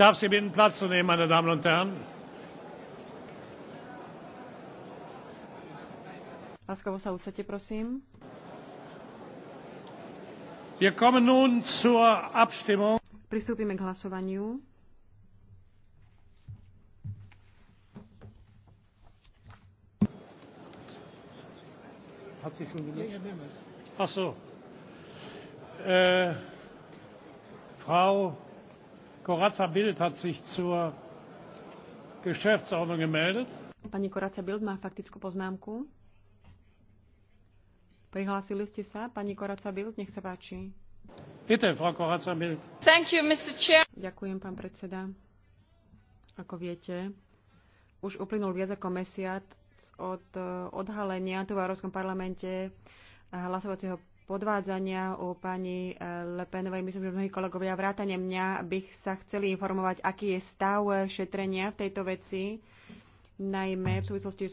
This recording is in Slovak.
darf Sie bitten, Platz zu nehmen, meine Damen und Herren. Wir kommen nun zur Abstimmung. Pristúpime k hlasovaniu. Hat sich schon Ach so. Äh, Frau Corazza Bild hat sich zur Geschäftsordnung gemeldet. Pani Koraca Bild má faktickú poznámku. Prihlásili ste sa. Pani Koraca Bild, nech sa páči. Bitte, Frau Koraca Bild. Thank you, Mr. Chair. Ďakujem, pán predseda. Ako viete, už uplynul viac ako mesiac od eh, odhalenia tu v Európskom parlamente hlasovacieho podvádzania u pani eh, Lepenovej, Myslím, že mnohí kolegovia vrátane mňa by sa chceli informovať, aký je stav eh, šetrenia v tejto veci, najmä v súvislosti s